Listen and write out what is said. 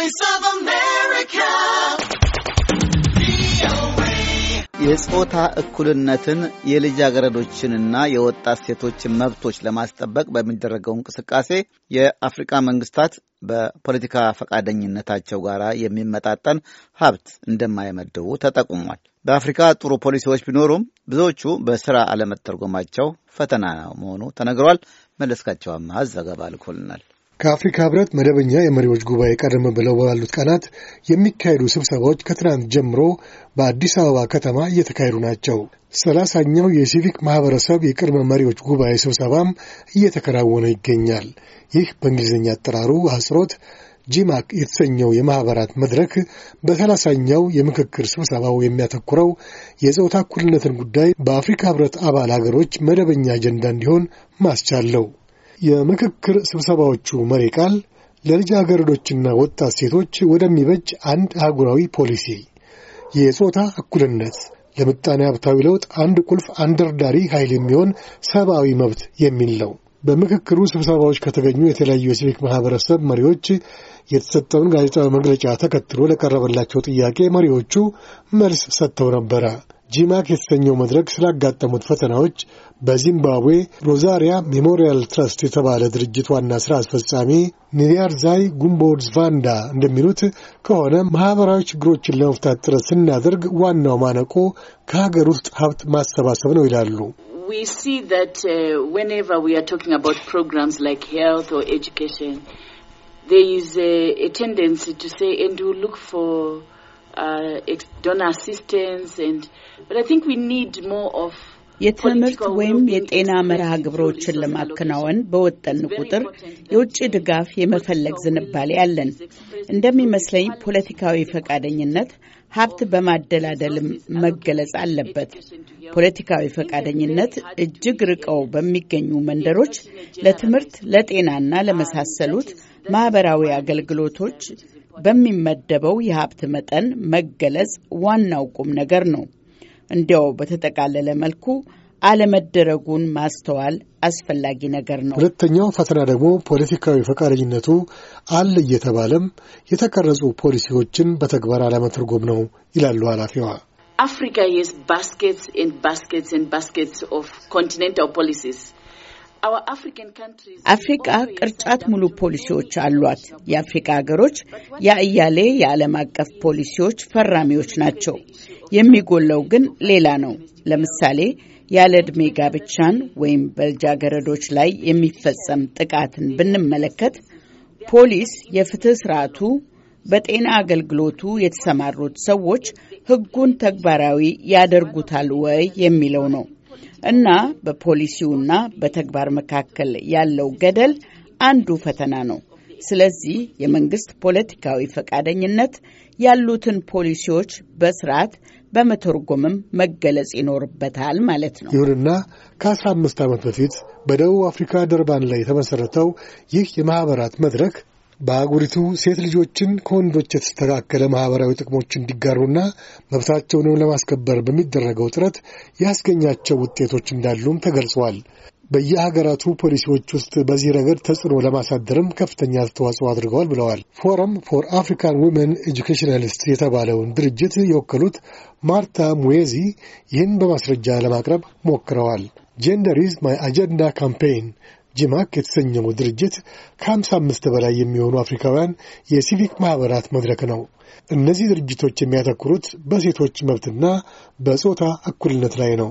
Voice of America. የጾታ እኩልነትን የልጃገረዶችንና የወጣት ሴቶችን መብቶች ለማስጠበቅ በሚደረገው እንቅስቃሴ የአፍሪካ መንግስታት በፖለቲካ ፈቃደኝነታቸው ጋር የሚመጣጠን ሀብት እንደማይመድቡ ተጠቁሟል። በአፍሪካ ጥሩ ፖሊሲዎች ቢኖሩም ብዙዎቹ በስራ አለመተርጎማቸው ፈተና መሆኑ ተነግሯል። መለስካቸው አማሃ ዘገባ ልኮልናል። ከአፍሪካ ህብረት መደበኛ የመሪዎች ጉባኤ ቀደም ብለው ባሉት ቀናት የሚካሄዱ ስብሰባዎች ከትናንት ጀምሮ በአዲስ አበባ ከተማ እየተካሄዱ ናቸው። ሰላሳኛው የሲቪክ ማህበረሰብ የቅድመ መሪዎች ጉባኤ ስብሰባም እየተከናወነ ይገኛል። ይህ በእንግሊዝኛ አጠራሩ አህጽሮት ጂማክ የተሰኘው የማኅበራት መድረክ በሰላሳኛው የምክክር ስብሰባው የሚያተኩረው የጾታ እኩልነትን ጉዳይ በአፍሪካ ህብረት አባል አገሮች መደበኛ አጀንዳ እንዲሆን ማስቻለው የምክክር ስብሰባዎቹ መሪ ቃል ለልጃገረዶችና ወጣት ሴቶች ወደሚበጅ አንድ አህጉራዊ ፖሊሲ የጾታ እኩልነት ለምጣኔ ሀብታዊ ለውጥ አንድ ቁልፍ አንደርዳሪ ኃይል የሚሆን ሰብአዊ መብት የሚል ነው። በምክክሩ ስብሰባዎች ከተገኙ የተለያዩ የሲቪክ ማህበረሰብ መሪዎች የተሰጠውን ጋዜጣዊ መግለጫ ተከትሎ ለቀረበላቸው ጥያቄ መሪዎቹ መልስ ሰጥተው ነበረ። ጂማክ የተሰኘው መድረክ ስላጋጠሙት ፈተናዎች በዚምባብዌ ሮዛሪያ ሜሞሪያል ትረስት የተባለ ድርጅት ዋና ሥራ አስፈጻሚ ኒሪያርዛይ ጉምቦድዝ ቫንዳ እንደሚሉት ከሆነ ማኅበራዊ ችግሮችን ለመፍታት ጥረት ስናደርግ ዋናው ማነቆ ከሀገር ውስጥ ሀብት ማሰባሰብ ነው ይላሉ። ፕሮግራምስ uh, donor assistance and but I think we need more of የትምህርት ወይም የጤና መርሃ ግብሮችን ለማከናወን በወጠን ቁጥር የውጭ ድጋፍ የመፈለግ ዝንባሌ አለን። እንደሚመስለኝ ፖለቲካዊ ፈቃደኝነት ሀብት በማደላደልም መገለጽ አለበት። ፖለቲካዊ ፈቃደኝነት እጅግ ርቀው በሚገኙ መንደሮች ለትምህርት፣ ለጤናና ለመሳሰሉት ማህበራዊ አገልግሎቶች በሚመደበው የሀብት መጠን መገለጽ ዋናው ቁም ነገር ነው። እንዲያው በተጠቃለለ መልኩ አለመደረጉን ማስተዋል አስፈላጊ ነገር ነው። ሁለተኛው ፈተና ደግሞ ፖለቲካዊ ፈቃደኝነቱ አለ እየተባለም የተቀረጹ ፖሊሲዎችን በተግባር አለመተርጎም ነው ይላሉ ኃላፊዋ። አፍሪካ የስ ባስኬትስ ኤንድ ባስኬትስ ኤንድ ባስኬትስ ኦፍ ኮንቲኔንታል ፖሊሲስ አፍሪቃ ቅርጫት ሙሉ ፖሊሲዎች አሏት። የአፍሪቃ ሀገሮች የአያሌ የዓለም አቀፍ ፖሊሲዎች ፈራሚዎች ናቸው። የሚጎለው ግን ሌላ ነው። ለምሳሌ ያለ ዕድሜ ጋብቻን ወይም በልጃገረዶች ላይ የሚፈጸም ጥቃትን ብንመለከት ፖሊስ፣ የፍትህ ስርዓቱ፣ በጤና አገልግሎቱ የተሰማሩት ሰዎች ህጉን ተግባራዊ ያደርጉታል ወይ የሚለው ነው እና በፖሊሲውና በተግባር መካከል ያለው ገደል አንዱ ፈተና ነው። ስለዚህ የመንግስት ፖለቲካዊ ፈቃደኝነት ያሉትን ፖሊሲዎች በስርዓት በመተርጎምም መገለጽ ይኖርበታል ማለት ነው። ይሁንና ከአስራ አምስት ዓመት በፊት በደቡብ አፍሪካ ደርባን ላይ የተመሠረተው ይህ የማኅበራት መድረክ በአጉሪቱ ሴት ልጆችን ከወንዶች የተስተካከለ ማኅበራዊ ጥቅሞች እንዲጋሩና መብታቸውንም ለማስከበር በሚደረገው ጥረት ያስገኛቸው ውጤቶች እንዳሉም ተገልጸዋል። በየሀገራቱ ፖሊሲዎች ውስጥ በዚህ ረገድ ተጽዕኖ ለማሳደርም ከፍተኛ አስተዋጽኦ አድርገዋል ብለዋል። ፎረም ፎር አፍሪካን ዊመን ኤጁኬሽናሊስት የተባለውን ድርጅት የወከሉት ማርታ ሙዌዚ ይህን በማስረጃ ለማቅረብ ሞክረዋል። ጄንደር ኢዝ ማይ አጀንዳ ካምፔይን ጂማክ የተሰኘው ድርጅት ከሃምሳ አምስት በላይ የሚሆኑ አፍሪካውያን የሲቪክ ማኅበራት መድረክ ነው። እነዚህ ድርጅቶች የሚያተኩሩት በሴቶች መብትና በጾታ እኩልነት ላይ ነው።